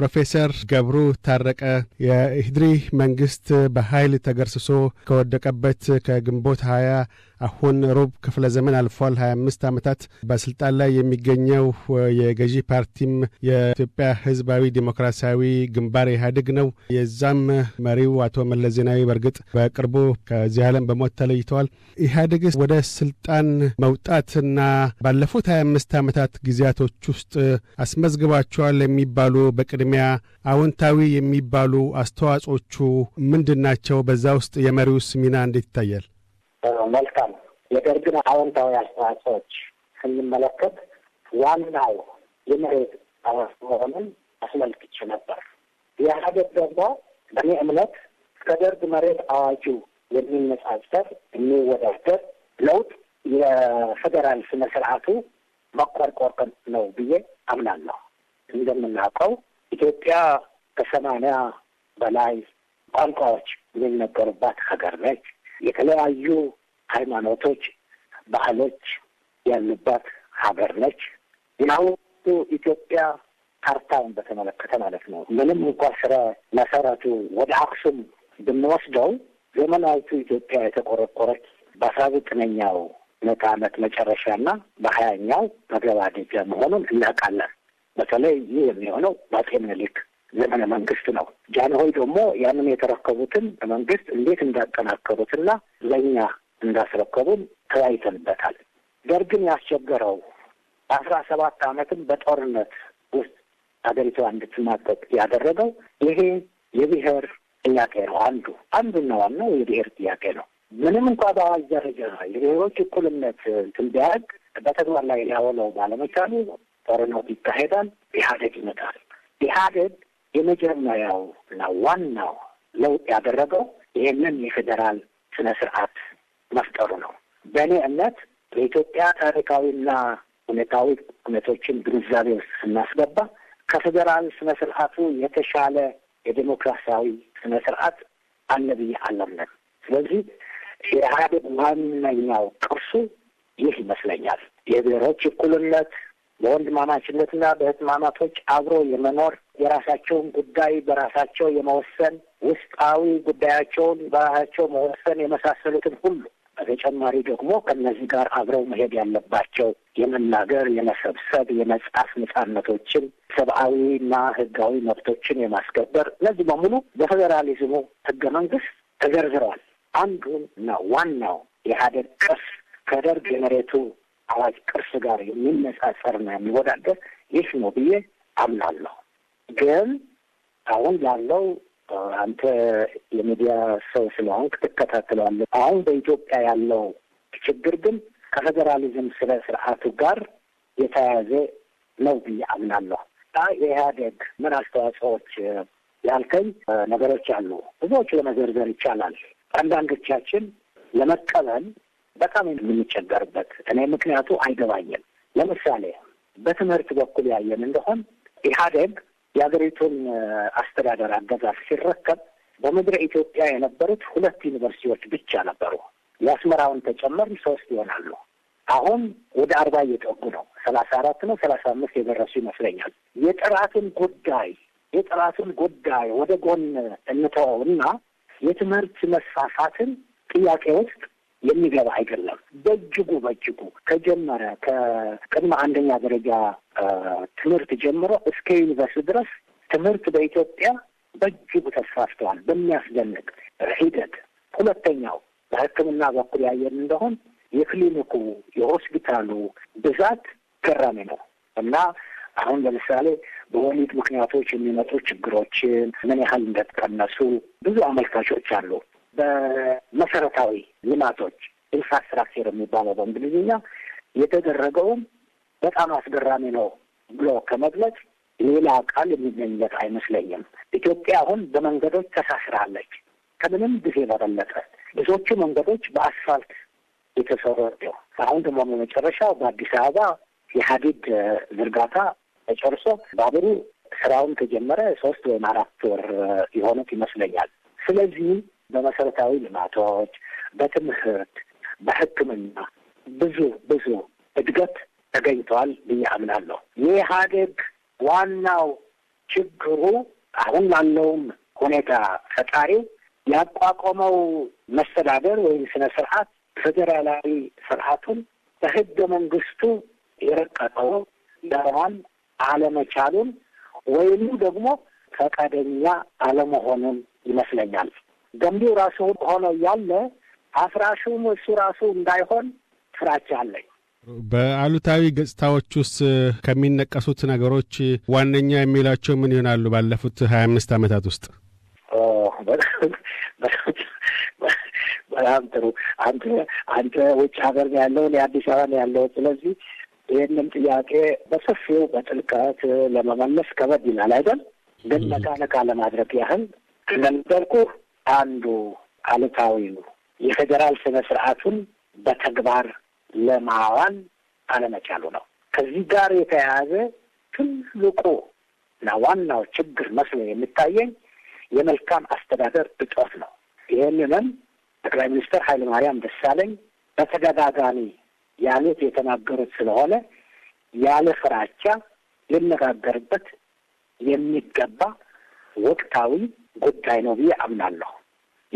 ፕሮፌሰር ገብሩ ታረቀ የኢህድሪ መንግስት በኃይል ተገርስሶ ከወደቀበት ከግንቦት ሀያ አሁን ሩብ ክፍለ ዘመን አልፏል። ሀያ አምስት ዓመታት በስልጣን ላይ የሚገኘው የገዢ ፓርቲም የኢትዮጵያ ህዝባዊ ዲሞክራሲያዊ ግንባር ኢህአዴግ ነው። የዛም መሪው አቶ መለስ ዜናዊ በእርግጥ በቅርቡ ከዚህ ዓለም በሞት ተለይተዋል። ኢህአዴግስ ወደ ስልጣን መውጣትና ባለፉት ሀያ አምስት ዓመታት ጊዜያቶች ውስጥ አስመዝግባቸዋል የሚባሉ በቅድሚያ ግጥሚያ አዎንታዊ የሚባሉ አስተዋጽኦቹ ምንድናቸው? በዛ ውስጥ የመሪውስ ሚና እንዴት ይታያል? መልካም። የደርግን አዎንታዊ አስተዋጽኦች ስንመለከት ዋናው የመሬት አዋጅ መሆኑን አስመልክቼ ነበር። የሀገር ደግሞ በእኔ እምነት ከደርግ መሬት አዋጁ የሚነጻጸር የሚወዳደር ለውጥ የፌዴራል ስነ ስርዓቱ መቆርቆር ነው ብዬ አምናለሁ። እንደምናውቀው ኢትዮጵያ ከሰማንያ በላይ ቋንቋዎች የሚነገሩባት ሀገር ነች። የተለያዩ ሃይማኖቶች፣ ባህሎች ያሉባት ሀገር ነች። የአሁኑ ኢትዮጵያ ካርታውን በተመለከተ ማለት ነው። ምንም እንኳ ስረ መሰረቱ ወደ አክሱም ብንወስደው ዘመናዊቱ ኢትዮጵያ የተቆረቆረች በአስራ ዘጠነኛው ምዕተ ዓመት መጨረሻና በሀያኛው መገባደጃ መሆኑን እናውቃለን። በተለይ ይህ የሚሆነው በአጼ ምኒልክ ዘመነ መንግስት ነው። ጃንሆይ ደግሞ ያንን የተረከቡትን መንግስት እንዴት እንዳጠናከሩትና ለእኛ እንዳስረከቡን ተያይተንበታል። ደርግን ያስቸገረው አስራ ሰባት አመትም በጦርነት ውስጥ ሀገሪቷ እንድትማቀቅ ያደረገው ይሄ የብሔር ጥያቄ ነው። አንዱ አንዱና ዋናው የብሔር ጥያቄ ነው። ምንም እንኳ በአዋጅ ደረጃ የብሔሮች እኩልነት እንትን ቢያደርግ በተግባር ላይ ሊያውለው ባለመቻሉ ጦርነት ይካሄዳል፣ ኢህአዴግ ይመጣል። ኢህአዴግ የመጀመሪያው እና ዋናው ለውጥ ያደረገው ይህንን የፌዴራል ስነ ስርዓት መፍጠሩ ነው። በእኔ እምነት በኢትዮጵያ ታሪካዊና ሁኔታዊ እውነቶችን ግንዛቤ ውስጥ ስናስገባ ከፌዴራል ስነ ስርዓቱ የተሻለ የዴሞክራሲያዊ ስነ ስርዓት አለ ብዬ አላምንም። ስለዚህ የኢህአዴግ ዋነኛው ቅርሱ ይህ ይመስለኛል። የብሔሮች እኩልነት በወንድማማችነትና በህትማማቶች አብሮ የመኖር የራሳቸውን ጉዳይ በራሳቸው የመወሰን ውስጣዊ ጉዳያቸውን በራሳቸው መወሰን የመሳሰሉትን ሁሉ በተጨማሪ ደግሞ ከእነዚህ ጋር አብረው መሄድ ያለባቸው የመናገር፣ የመሰብሰብ፣ የመጻፍ ነጻነቶችን ሰብአዊና ህጋዊ መብቶችን የማስከበር እነዚህ በሙሉ በፌዴራሊዝሙ ህገ መንግስት ተዘርዝረዋል። አንዱና ዋናው የኢህአዴግ ቀስ ከደርግ የመሬቱ አዋጅ ቅርስ ጋር የሚነጻጸርና የሚወዳደር ይህ ነው ብዬ አምናለሁ። ግን አሁን ላለው አንተ የሚዲያ ሰው ስለሆንክ ትከታተለዋለህ። አሁን በኢትዮጵያ ያለው ችግር ግን ከፌዴራሊዝም ስነ ስርዓቱ ጋር የተያያዘ ነው ብዬ አምናለሁ። የኢህአዴግ ምን አስተዋጽኦዎች ያልከኝ ነገሮች አሉ። ብዙዎቹ ለመዘርዘር ይቻላል። አንዳንዶቻችን ለመቀበል በጣም የምንቸገርበት እኔ ምክንያቱ አይገባኝም። ለምሳሌ በትምህርት በኩል ያየን እንደሆን ኢህአዴግ የሀገሪቱን አስተዳደር አገዛዝ ሲረከብ በምድረ ኢትዮጵያ የነበሩት ሁለት ዩኒቨርሲቲዎች ብቻ ነበሩ። የአስመራውን ተጨመር ሶስት ይሆናሉ። አሁን ወደ አርባ እየጠጉ ነው። ሰላሳ አራት ነው ሰላሳ አምስት የደረሱ ይመስለኛል። የጥራቱን ጉዳይ የጥራቱን ጉዳይ ወደ ጎን እንተወውና የትምህርት መስፋፋትን ጥያቄ ውስጥ የሚገባ አይደለም። በእጅጉ በእጅጉ ከጀመረ ከቅድመ አንደኛ ደረጃ ትምህርት ጀምሮ እስከ ዩኒቨርስቲ ድረስ ትምህርት በኢትዮጵያ በእጅጉ ተስፋፍተዋል በሚያስደንቅ ሂደት። ሁለተኛው በሕክምና በኩል ያየን እንደሆን የክሊኒኩ የሆስፒታሉ ብዛት ገራሚ ነው እና አሁን ለምሳሌ በወሊድ ምክንያቶች የሚመጡ ችግሮችን ምን ያህል እንደተቀነሱ ብዙ አመልካቾች አሉ። በመሰረታዊ ልማቶች ኢንፍራስትራክቸር የሚባለው በእንግሊዝኛ የተደረገውም በጣም አስገራሚ ነው ብሎ ከመግለጽ ሌላ ቃል የሚገኝለት አይመስለኝም። ኢትዮጵያ አሁን በመንገዶች ተሳስራለች። ከምንም ጊዜ በበለጠ ብዙዎቹ መንገዶች በአስፋልት የተሰሩ አሁን ደግሞ በመጨረሻው በአዲስ አበባ የሀዲድ ዝርጋታ ተጨርሶ ባቡሩ ስራውን ከጀመረ ሶስት ወይም አራት ወር የሆኑት ይመስለኛል። ስለዚህ በመሰረታዊ ልማቶች፣ በትምህርት፣ በሕክምና ብዙ ብዙ እድገት ተገኝተዋል ብዬ አምናለሁ። የኢህአዴግ ዋናው ችግሩ አሁን ላለውም ሁኔታ ፈጣሪው ያቋቋመው መስተዳደር ወይም ስነ ስርዓት ፌዴራላዊ ስርዓቱን በህገ መንግስቱ የረቀቀው ለመሆን አለመቻሉን ወይም ደግሞ ፈቃደኛ አለመሆኑን ይመስለኛል። ገንቢው ራሱ ሆኖ ያለ አፍራሹም እሱ ራሱ እንዳይሆን ፍራቻ አለኝ። በአሉታዊ ገጽታዎች ውስጥ ከሚነቀሱት ነገሮች ዋነኛ የሚላቸው ምን ይሆናሉ? ባለፉት ሀያ አምስት ዓመታት ውስጥ በጣም ጥሩ። አንተ አንተ ውጭ ሀገር ነው ያለው፣ አዲስ አበባ ነው ያለው። ስለዚህ ይህንም ጥያቄ በሰፊው በጥልቀት ለመመለስ ከበድ ይላል አይደል? ግን ነቃ ነቃ ለማድረግ ያህል እንደነገርኩህ አንዱ ነው። የፌዴራል ስነ ስርዓቱን በተግባር ለማዋል አለመቻሉ ነው። ከዚህ ጋር የተያያዘ ትልቁ እና ዋናው ችግር መስሎ የሚታየኝ የመልካም አስተዳደር እጦት ነው። ይህንንም ጠቅላይ ሚኒስትር ኃይለ ማርያም ደሳለኝ በተደጋጋሚ ያሉት የተናገሩት ስለሆነ ያለ ፍራቻ ሊነጋገርበት የሚገባ ወቅታዊ ጉዳይ ነው ብዬ አምናለሁ።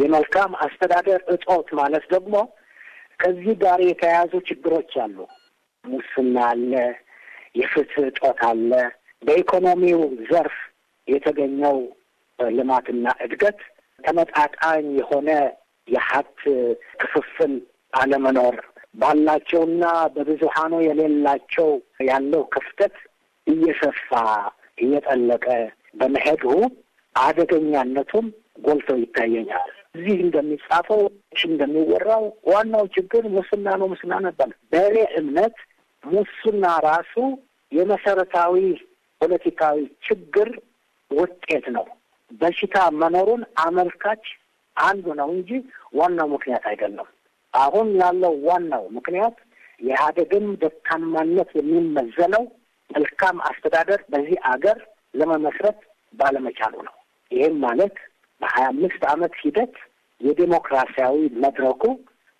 የመልካም አስተዳደር እጦት ማለት ደግሞ ከዚህ ጋር የተያያዙ ችግሮች አሉ። ሙስና አለ፣ የፍትህ እጦት አለ። በኢኮኖሚው ዘርፍ የተገኘው ልማትና እድገት ተመጣጣኝ የሆነ የሀብት ክፍፍል አለመኖር ባላቸውና በብዙሃኑ የሌላቸው ያለው ክፍተት እየሰፋ እየጠለቀ በመሄዱ አደገኛነቱም ጎልተው ይታየኛል። እዚህ እንደሚጻፈው እንደሚወራው ዋናው ችግር ሙስና ነው። ሙስና ነበር። በእኔ እምነት ሙስና ራሱ የመሰረታዊ ፖለቲካዊ ችግር ውጤት ነው። በሽታ መኖሩን አመልካች አንዱ ነው እንጂ ዋናው ምክንያት አይደለም። አሁን ያለው ዋናው ምክንያት የኢህአዴግን ደካማነት የሚመዘነው መልካም አስተዳደር በዚህ አገር ለመመስረት ባለመቻሉ ነው። ይህም ማለት በሀያ አምስት አመት ሂደት የዴሞክራሲያዊ መድረኩ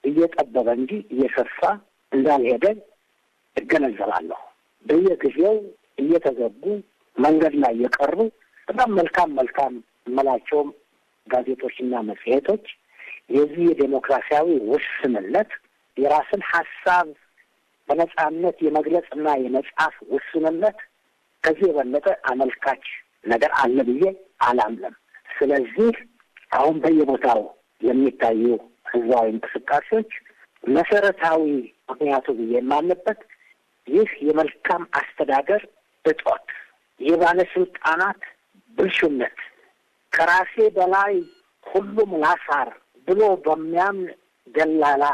እየጠበበ እንጂ እየሰፋ እንዳልሄደ እገነዘባለሁ። በየጊዜው እየተዘጉ መንገድ ላይ የቀሩ በጣም መልካም መልካም መላቸውም ጋዜጦችና መጽሔቶች የዚህ የዴሞክራሲያዊ ውስንነት የራስን ሀሳብ በነጻነት የመግለጽና የመጻፍ ውስንነት ከዚህ የበለጠ አመልካች ነገር አለ ብዬ አላምለም። ስለዚህ አሁን በየቦታው የሚታዩ ህዝባዊ እንቅስቃሴዎች መሰረታዊ ምክንያቱ ብዬ የማለበት ይህ የመልካም አስተዳደር እጦት፣ የባለስልጣናት ብልሹነት፣ ከራሴ በላይ ሁሉም ላሳር ብሎ በሚያምን ደላላ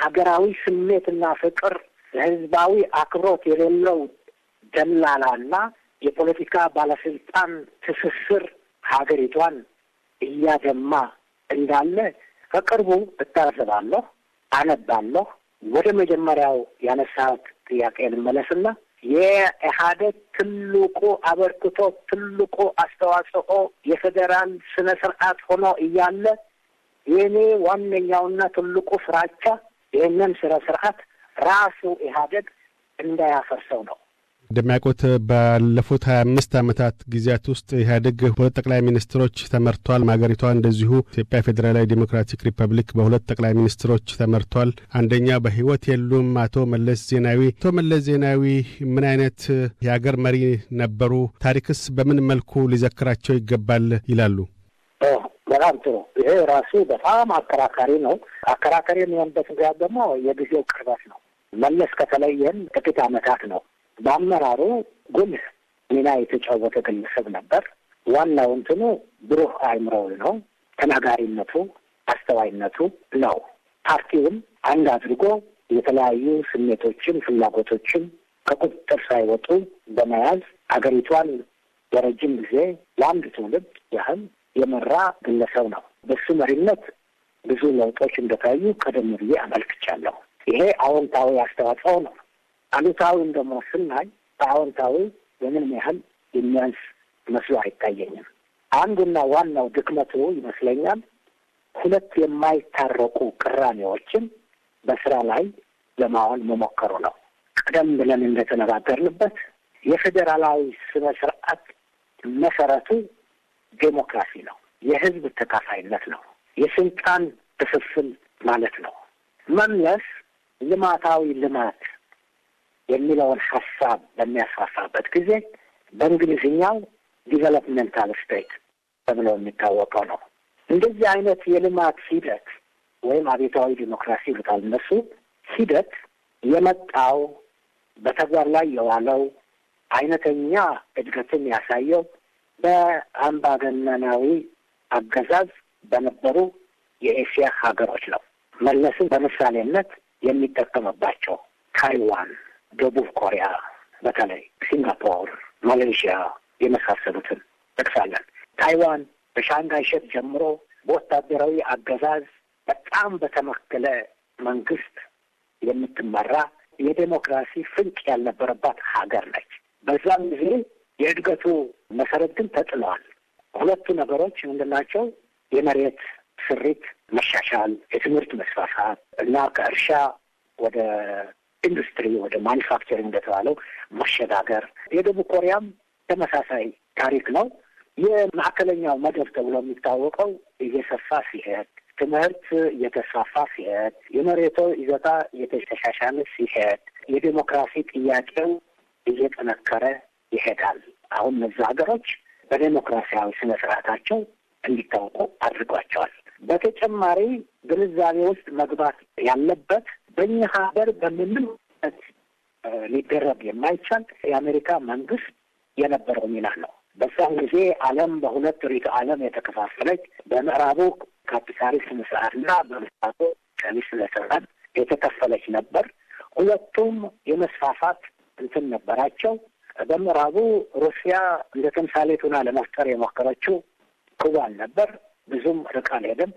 ሀገራዊ ስሜትና ፍቅር ለህዝባዊ አክብሮት የሌለው ደላላና የፖለቲካ ባለስልጣን ትስስር ሀገሪቷን እያደማ እንዳለ ከቅርቡ እታዘባለሁ፣ አነባለሁ። ወደ መጀመሪያው ያነሳት ጥያቄ ልመለስና የኢህአዴግ ትልቁ አበርክቶ ትልቁ አስተዋጽኦ የፌዴራል ስነ ስርዓት ሆኖ እያለ የእኔ ዋነኛውና ትልቁ ፍራቻ ይህንን ስነ ስርዓት ራሱ ኢህአዴግ እንዳያፈርሰው ነው። እንደሚያውቁት ባለፉት ሀያ አምስት ዓመታት ጊዜያት ውስጥ ኢህአዴግ ሁለት ጠቅላይ ሚኒስትሮች ተመርቷል። ማገሪቷ እንደዚሁ ኢትዮጵያ ፌዴራላዊ ዴሞክራቲክ ሪፐብሊክ በሁለት ጠቅላይ ሚኒስትሮች ተመርቷል። አንደኛ በህይወት የሉም አቶ መለስ ዜናዊ። አቶ መለስ ዜናዊ ምን አይነት የሀገር መሪ ነበሩ? ታሪክስ በምን መልኩ ሊዘክራቸው ይገባል ይላሉ? በጣም ጥሩ። ይሄ ራሱ በጣም አከራካሪ ነው። አከራካሪ የሚሆንበት ምክንያት ደግሞ የጊዜው ቅርበት ነው። መለስ ከተለየን ጥቂት አመታት ነው በአመራሩ ጉልህ ሚና የተጫወተ ግለሰብ ነበር። ዋናው እንትኑ ብሩህ አእምሮው ነው፣ ተናጋሪነቱ፣ አስተዋይነቱ ነው። ፓርቲውን አንድ አድርጎ የተለያዩ ስሜቶችን፣ ፍላጎቶችን ከቁጥጥር ሳይወጡ በመያዝ አገሪቷን ለረጅም ጊዜ ለአንድ ትውልድ ያህል የመራ ግለሰብ ነው። በሱ መሪነት ብዙ ለውጦች እንደታዩ ቀደም ብዬ አመልክቻለሁ። ይሄ አዎንታዊ አስተዋጽኦ ነው። አሉታዊም ደግሞ ስናይ በአዎንታዊ በምንም ያህል የሚያንስ መስሎ አይታየኝም። አንዱና ዋናው ድክመቱ ይመስለኛል ሁለት የማይታረቁ ቅራኔዎችን በስራ ላይ ለማዋል መሞከሩ ነው። ቀደም ብለን እንደተነጋገርንበት የፌዴራላዊ ስነ ስርዓት መሰረቱ ዴሞክራሲ ነው። የህዝብ ተካፋይነት ነው። የስልጣን ክፍፍል ማለት ነው። መምለስ ልማታዊ ልማት የሚለውን ሀሳብ በሚያስፋፋበት ጊዜ በእንግሊዝኛው ዲቨሎፕመንታል ስቴት ተብሎ የሚታወቀው ነው። እንደዚህ አይነት የልማት ሂደት ወይም አቤታዊ ዲሞክራሲ ይሉታል እነሱ ሂደት የመጣው በተግባር ላይ የዋለው አይነተኛ እድገትን ያሳየው በአምባገነናዊ አገዛዝ በነበሩ የኤስያ ሀገሮች ነው። መለስም በምሳሌነት የሚጠቀምባቸው ታይዋን ደቡብ ኮሪያ፣ በተለይ ሲንጋፖር፣ ማሌዥያ የመሳሰሉትን ጠቅሳለን። ታይዋን በሻንጋይ ሸት ጀምሮ በወታደራዊ አገዛዝ በጣም በተመከለ መንግስት የምትመራ የዴሞክራሲ ፍንቅ ያልነበረባት ሀገር ነች። በዛም ጊዜ የእድገቱ መሰረት ግን ተጥለዋል። ሁለቱ ነገሮች ምንድናቸው? የመሬት ስሪት መሻሻል፣ የትምህርት መስፋፋት እና ከእርሻ ወደ ኢንዱስትሪ ወደ ማኒፋክቸሪንግ እንደተባለው ማሸጋገር። የደቡብ ኮሪያም ተመሳሳይ ታሪክ ነው። የማዕከለኛው መደብ ተብሎ የሚታወቀው እየሰፋ ሲሄድ፣ ትምህርት እየተስፋፋ ሲሄድ፣ የመሬቶ ይዘታ እየተሻሻለ ሲሄድ፣ የዴሞክራሲ ጥያቄው እየጠነከረ ይሄዳል። አሁን እነዚህ ሀገሮች በዴሞክራሲያዊ ስነ ስርዓታቸው እንዲታወቁ አድርጓቸዋል። በተጨማሪ ግንዛቤ ውስጥ መግባት ያለበት በኛ ሀገር በምንም ሊደረግ የማይቻል የአሜሪካ መንግስት የነበረው ሚና ነው። በዛን ጊዜ ዓለም በሁለት ሪት ዓለም የተከፋፈለች በምዕራቡ ካፒታሊስት ስርዓት በምስራቁ ሶሻሊስት ስርዓት የተከፈለች ነበር። ሁለቱም የመስፋፋት እንትን ነበራቸው። በምዕራቡ ሩሲያ እንደ ተምሳሌት ሆና ለመፍጠር የሞከረችው ኩባን ነበር። ብዙም ርቃ አልሄደም።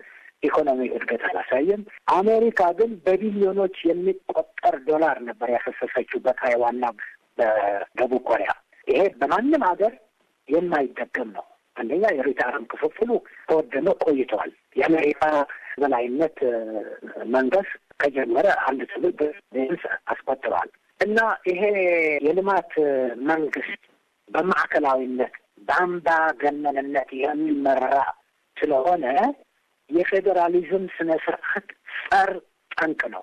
ኢኮኖሚ እድገት አላሳየም። አሜሪካ ግን በቢሊዮኖች የሚቆጠር ዶላር ነበር ያፈሰሰችው በታይዋንና በደቡብ ኮሪያ። ይሄ በማንም ሀገር የማይደገም ነው። አንደኛ የሪታርም ክፍፍሉ ተወደመ ቆይተዋል። የአሜሪካ በላይነት መንገስ ከጀመረ አንድ ትውልድ ቢያንስ አስቆጥረዋል። እና ይሄ የልማት መንግስት በማዕከላዊነት በአምባገነንነት የሚመራ ስለሆነ የፌዴራሊዝም ስነ ስርዓት ጸር ጠንቅ ነው።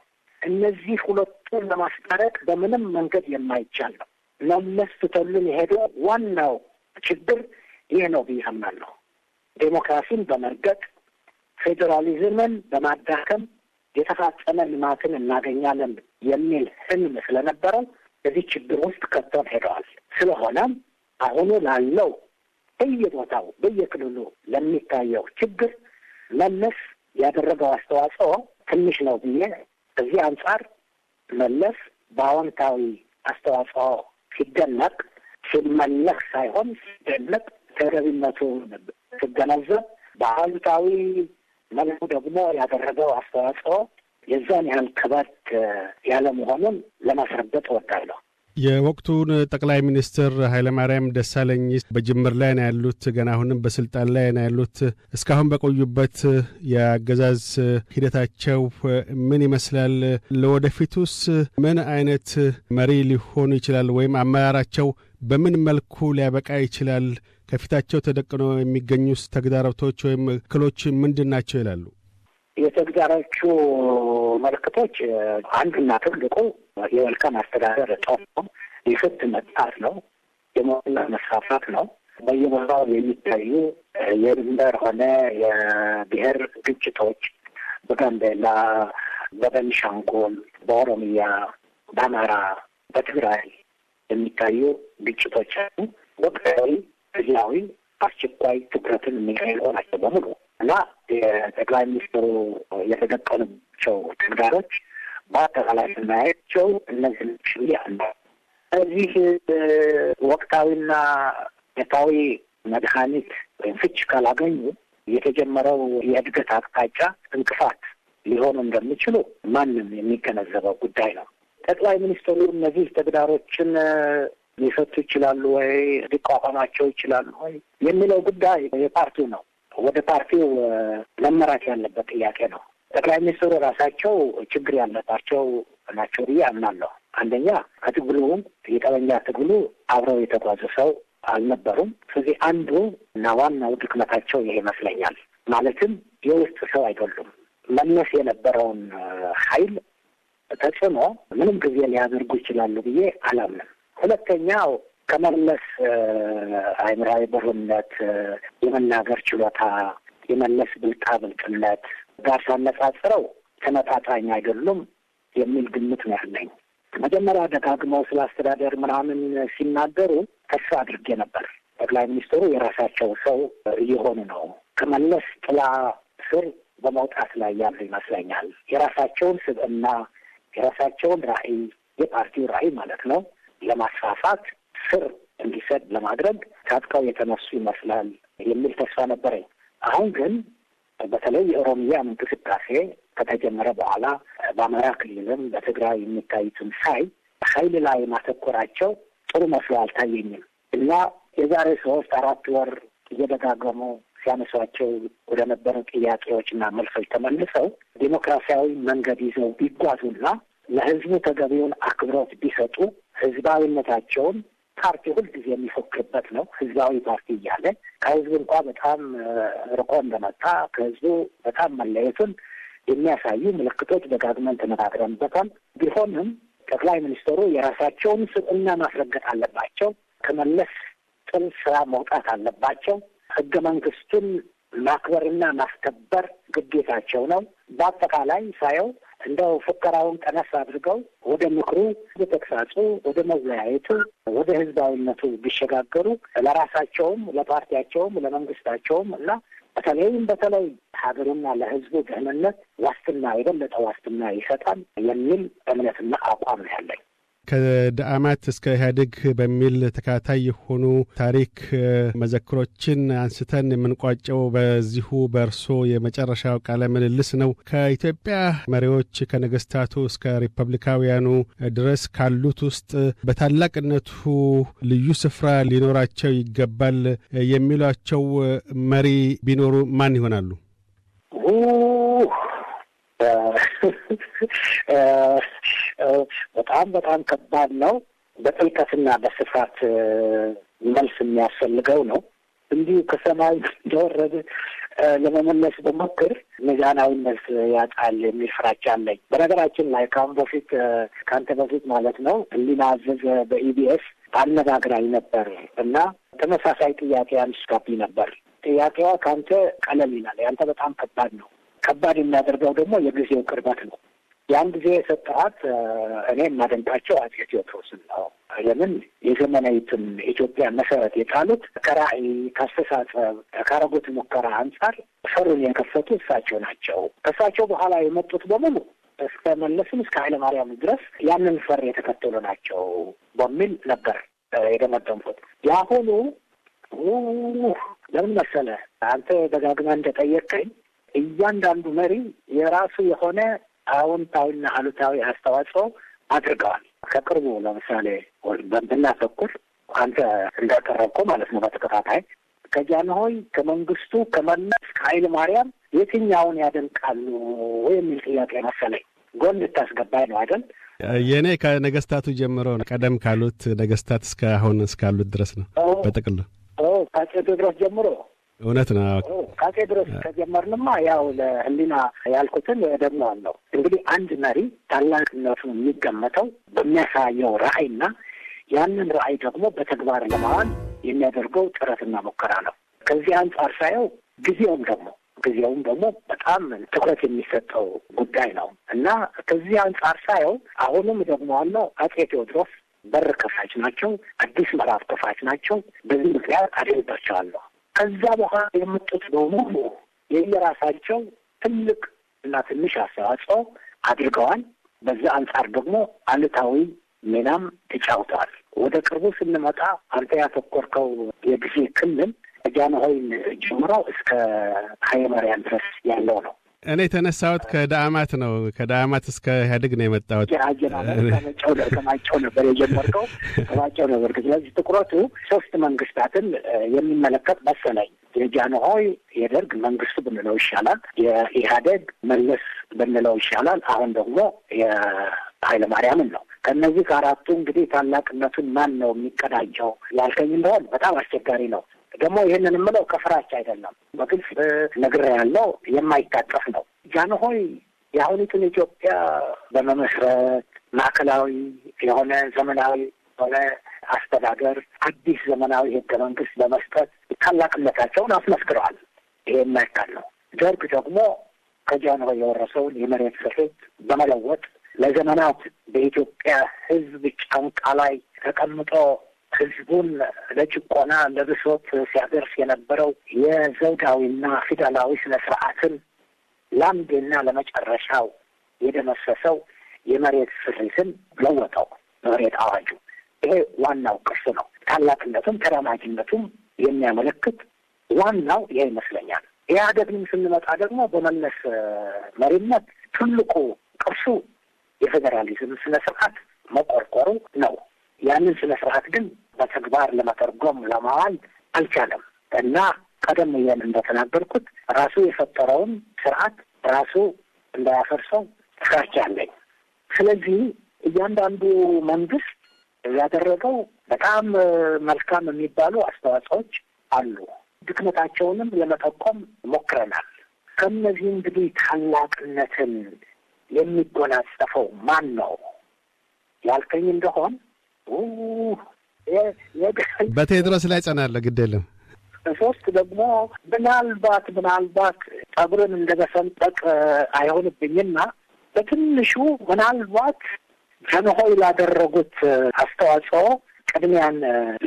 እነዚህ ሁለቱን ለማስታረቅ በምንም መንገድ የማይቻል ነው። መለስ ትተሉን የሄደው ዋናው ችግር ይህ ነው ብዬ አምናለሁ። ዴሞክራሲን በመርገጥ ፌዴራሊዝምን በማዳከም የተፋጠነ ልማትን እናገኛለን የሚል ህልም ስለነበረ እዚህ ችግር ውስጥ ከተን ሄደዋል። ስለሆነም አሁኑ ላለው በየቦታው በየክልሉ ለሚታየው ችግር መለስ ያደረገው አስተዋጽኦ ትንሽ ነው ብዬ ከዚህ አንጻር መለስ በአዎንታዊ አስተዋጽኦ ሲደነቅ ሲመለክ ሳይሆን ሲደነቅ ተገቢነቱ ሲገነዘብ በአዎንታዊ መልኩ ደግሞ ያደረገው አስተዋጽኦ የዛን ያህል ከበድ ያለ መሆኑን ለማስረገጥ እወዳለሁ። የወቅቱን ጠቅላይ ሚኒስትር ኃይለማርያም ደሳለኝ በጅምር ላይ ነው ያሉት፣ ገና አሁንም በስልጣን ላይ ነው ያሉት። እስካሁን በቆዩበት የአገዛዝ ሂደታቸው ምን ይመስላል? ለወደፊቱስ ምን አይነት መሪ ሊሆኑ ይችላል? ወይም አመራራቸው በምን መልኩ ሊያበቃ ይችላል? ከፊታቸው ተደቅኖ የሚገኙ ተግዳሮቶች ወይም እክሎች ምንድን ናቸው ይላሉ? የተግዳሮቹ ምልክቶች አንዱና ትልቁ የመልካም አስተዳደር እጦት ነው። የፍት መጥፋት ነው። የሞላ መስፋፋት ነው። በየቦታው የሚታዩ የድንበር ሆነ የብሔር ግጭቶች በጋምቤላ፣ በበንሻንጉል፣ በኦሮሚያ፣ በአማራ፣ በትግራይ የሚታዩ ግጭቶች አሉ። ወቅታዊ፣ ጊዜያዊ፣ አስቸኳይ ትኩረትን የሚጠይቁ ናቸው በሙሉ እና የጠቅላይ ሚኒስትሩ የተገጠሙቸው ተግዳሮች በአጠቃላይ ስናያቸው እነዚህ ናቸው ያለ እዚህ ወቅታዊና ታዊ መድኃኒት ወይም ፍች ካላገኙ የተጀመረው የእድገት አቅጣጫ እንቅፋት ሊሆኑ እንደሚችሉ ማንም የሚገነዘበው ጉዳይ ነው። ጠቅላይ ሚኒስትሩ እነዚህ ተግዳሮችን ሊፈቱ ይችላሉ ወይ? ሊቋቋማቸው ይችላሉ ወይ? የሚለው ጉዳይ የፓርቲው ነው። ወደ ፓርቲው መመራት ያለበት ጥያቄ ነው። ጠቅላይ ሚኒስትሩ ራሳቸው ችግር ያለባቸው ናቸው ብዬ አምናለሁ። አንደኛ ከትግሉም የጠበኛ ትግሉ አብረው የተጓዙ ሰው አልነበሩም። ስለዚህ አንዱ እና ዋናው ድክመታቸው ይሄ ይመስለኛል። ማለትም የውስጥ ሰው አይደሉም። መለስ የነበረውን ኃይል ተጽዕኖ ምንም ጊዜ ሊያደርጉ ይችላሉ ብዬ አላምንም። ሁለተኛው ከመለስ አይምራዊ ብርነት የመናገር ችሎታ፣ የመለስ ብልጣ ብልጥነት ጋር ሳነጻጽረው ተመጣጣኝ አይደሉም የሚል ግምት ነው ያለኝ። መጀመሪያ ደጋግመው ስለ አስተዳደር ምናምን ሲናገሩ ተስፋ አድርጌ ነበር። ጠቅላይ ሚኒስትሩ የራሳቸው ሰው እየሆኑ ነው። ከመለስ ጥላ ስር በመውጣት ላይ ያሉ ይመስለኛል። የራሳቸውን ስብዕና፣ የራሳቸውን ራዕይ፣ የፓርቲው ራዕይ ማለት ነው ለማስፋፋት ስር እንዲሰድ ለማድረግ ታጥቀው የተነሱ ይመስላል የሚል ተስፋ ነበረኝ። አሁን ግን በተለይ የኦሮሚያ እንቅስቃሴ ከተጀመረ በኋላ በአማራ ክልልም በትግራይ የሚታዩትን ሳይ ኃይል ላይ ማተኮራቸው ጥሩ መስሎ አልታየኝም እና የዛሬ ሶስት አራት ወር እየደጋገሙ ሲያነሷቸው ወደ ነበሩ ጥያቄዎችና መልሶች ተመልሰው ዴሞክራሲያዊ መንገድ ይዘው ቢጓዙና ለህዝቡ ተገቢውን አክብሮት ቢሰጡ ህዝባዊነታቸውን ፓርቲ ሁልጊዜ የሚፎክርበት ነው። ህዝባዊ ፓርቲ እያለ ከህዝቡ እንኳ በጣም ርቆ እንደመጣ ከህዝቡ በጣም መለየቱን የሚያሳዩ ምልክቶች ደጋግመን ተነጋግረንበታል። ቢሆንም ጠቅላይ ሚኒስትሩ የራሳቸውን ስብዕና ማስረገጥ አለባቸው። ከመለስ ጥል ስራ መውጣት አለባቸው። ህገ መንግስቱን ማክበርና ማስከበር ግዴታቸው ነው። በአጠቃላይ ሳየው እንደው ፉከራውን ቀነስ አድርገው ወደ ምክሩ፣ ወደ ተግሳጹ፣ ወደ መወያየቱ፣ ወደ ህዝባዊነቱ ቢሸጋገሩ ለራሳቸውም፣ ለፓርቲያቸውም፣ ለመንግስታቸውም እና በተለይም በተለይ ሀገሩና ለህዝቡ ደህንነት ዋስትና የበለጠ ዋስትና ይሰጣል የሚል እምነትና አቋም ነው ያለኝ። ከደአማት እስከ ኢህአዴግ በሚል ተከታታይ የሆኑ ታሪክ መዘክሮችን አንስተን የምንቋጨው በዚሁ በእርሶ የመጨረሻው ቃለ ምልልስ ነው። ከኢትዮጵያ መሪዎች ከነገስታቱ እስከ ሪፐብሊካውያኑ ድረስ ካሉት ውስጥ በታላቅነቱ ልዩ ስፍራ ሊኖራቸው ይገባል የሚሏቸው መሪ ቢኖሩ ማን ይሆናሉ? በጣም በጣም ከባድ ነው። በጥልቀትና በስፋት መልስ የሚያስፈልገው ነው። እንዲሁ ከሰማይ እንደወረደ ለመመለስ በሞክር ሚዛናዊነት ያጣል የሚል ፍራቻ አለኝ። በነገራችን ላይ ከአሁን በፊት ከአንተ በፊት ማለት ነው ህሊና አዘዘ በኢቢኤስ አነጋግራኝ ነበር እና ተመሳሳይ ጥያቄ አንስታብኝ ነበር። ጥያቄዋ ከአንተ ቀለል ይላል፣ ያንተ በጣም ከባድ ነው። ከባድ የሚያደርገው ደግሞ የጊዜው ቅርበት ነው። ያን ጊዜ የሰጠሀት እኔ የማደንቃቸው አጼ ቴዎድሮስን ነው። ለምን የዘመናዊትን ኢትዮጵያ መሰረት የጣሉት ከራዕይ ከአስተሳሰብ፣ ካረጉት ሙከራ አንጻር ፈሩን የከፈቱ እሳቸው ናቸው። ከእሳቸው በኋላ የመጡት በሙሉ እስከ መለስም እስከ ኃይለ ማርያም ድረስ ያንን ፈር የተከተሉ ናቸው በሚል ነበር የደመደምኩት። የአሁኑ ለምን መሰለህ አንተ ደጋግመህ እንደጠየቀኝ እያንዳንዱ መሪ የራሱ የሆነ አዎንታዊና አሉታዊ አስተዋጽኦ አድርገዋል። ከቅርቡ ለምሳሌ ብናተኩር አንተ እንዳቀረብከው ማለት ነው በተከታታይ ከጃንሆይ ከመንግስቱ ከመለስ ከኃይለ ማርያም የትኛውን ያደንቃሉ የሚል ጥያቄ መሰለኝ ጎን ልታስገባኝ ነው አይደል? የእኔ ከነገስታቱ ጀምሮ ቀደም ካሉት ነገስታት እስካሁን እስካሉት ድረስ ነው። በጥቅሉ ከአፄ ቴዎድሮስ ጀምሮ እውነት ነው። ከአፄ ድረስ ከጀመርንማ ያው ለህሊና ያልኩትን አለው እንግዲህ አንድ መሪ ታላቅነቱ የሚገመተው በሚያሳየው ራዕይና ያንን ራዕይ ደግሞ በተግባር ለማዋል የሚያደርገው ጥረትና ሙከራ ነው። ከዚህ አንጻር ሳየው ጊዜውም ደግሞ ጊዜውም ደግሞ በጣም ትኩረት የሚሰጠው ጉዳይ ነው እና ከዚህ አንጻር ሳየው አሁንም ደግሞ ዋናው አፄ ቴዎድሮስ በር ከፋች ናቸው። አዲስ ምዕራፍ ከፋች ናቸው። በዚህ ምክንያት አደንባቸዋለሁ። ከዛ በኋላ የመጡት በሙሉ የየራሳቸው ትልቅ እና ትንሽ አስተዋጽኦ አድርገዋል። በዛ አንጻር ደግሞ አሉታዊ ሚናም ተጫውተዋል። ወደ ቅርቡ ስንመጣ አንተ ያተኮርከው የጊዜ ክልል ጃንሆይን ጀምሮ እስከ ሀይለ ማርያም ድረስ ያለው ነው። እኔ የተነሳሁት ከዳአማት ነው። ከዳአማት እስከ ኢህአዴግ ነው የመጣሁት። ከማይጨው ነበር የጀመርከው፣ ከማይጨው ነበር። ስለዚህ ትኩረቱ ሶስት መንግስታትን የሚመለከት መሰለኝ። የጃንሆይ የደርግ መንግስት ብንለው ይሻላል፣ የኢህአዴግ መለስ ብንለው ይሻላል። አሁን ደግሞ ማርያምን ነው። ከእነዚህ ከአራቱ እንግዲህ ታላቅነቱን ማን ነው የሚቀዳጀው ያልከኝ እንደሆን በጣም አስቸጋሪ ነው። ደግሞ ይህንን የምለው ከፍራች አይደለም። በግልጽ ነግር ያለው የማይታቀፍ ነው። ጃንሆይ የአሁኒቱን ኢትዮጵያ በመመስረት ማዕከላዊ የሆነ ዘመናዊ የሆነ አስተዳደር አዲስ ዘመናዊ ህገ መንግስት በመስጠት ታላቅነታቸውን አስመስክረዋል። ይሄ የማይካል ነው። ደርግ ደግሞ ከጃንሆይ የወረሰውን የመሬት ስሪት በመለወጥ ለዘመናት በኢትዮጵያ ህዝብ ጫንቃ ላይ ተቀምጦ ህዝቡን ለጭቆና ለብሶት ሲያደርስ የነበረው የዘውዳዊና ፊደላዊ ስነ ስርዓትን ለአንዴና ለመጨረሻው የደመሰሰው የመሬት ስሪትን ለወጠው መሬት አዋጁ። ይሄ ዋናው ቅርስ ነው። ታላቅነቱም ተራማጅነቱም የሚያመለክት ዋናው ይሄ ይመስለኛል። ኢህአዴግንም ስንመጣ ደግሞ በመለስ መሪነት ትልቁ ቅርሱ የፌዴራሊዝም ስነ ስርዓት መቆርቆሩ ነው። ያንን ስነ ስርዓት ግን በተግባር ለመተርጎም ለማዋል አልቻለም እና ቀደም ብዬ እንደተናገርኩት ራሱ የፈጠረውን ስርዓት ራሱ እንዳያፈርሰው ፍራቻ አለኝ። ስለዚህ እያንዳንዱ መንግስት ያደረገው በጣም መልካም የሚባሉ አስተዋጽኦች አሉ። ድክመታቸውንም ለመጠቆም ሞክረናል። ከእነዚህ እንግዲህ ታላቅነትን የሚጎናጸፈው ማን ነው ያልከኝ እንደሆን በቴድሮስ ላይ ጸናለ ግድ የለም። ሶስት ደግሞ ምናልባት ምናልባት ጠጉርን እንደ መሰንጠቅ አይሆንብኝና በትንሹ ምናልባት ጃንሆይ ላደረጉት አስተዋጽኦ ቅድሚያን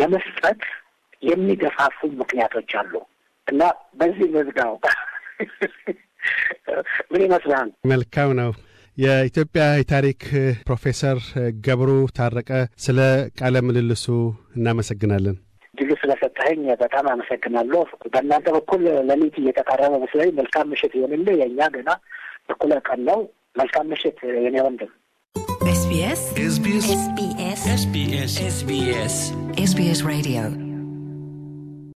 ለመስጠት የሚገፋፉኝ ምክንያቶች አሉ እና በዚህ ልዝጋው። ምን ይመስላል? መልካም ነው። የኢትዮጵያ የታሪክ ፕሮፌሰር ገብሩ ታረቀ ስለ ቃለ ምልልሱ እናመሰግናለን። ድሉ ስለሰጠኸኝ በጣም አመሰግናለሁ። በእናንተ በኩል ሌሊት እየተቃረበ መስለኝ መልካም ምሽት ይሆንልህ። የእኛ ገና እኩለ ቀን ነው። መልካም ምሽት የኔ ወንድም። ኤስቢኤስ ኤስቢኤስ ኤስቢኤስ ኤስቢኤስ ሬዲዮ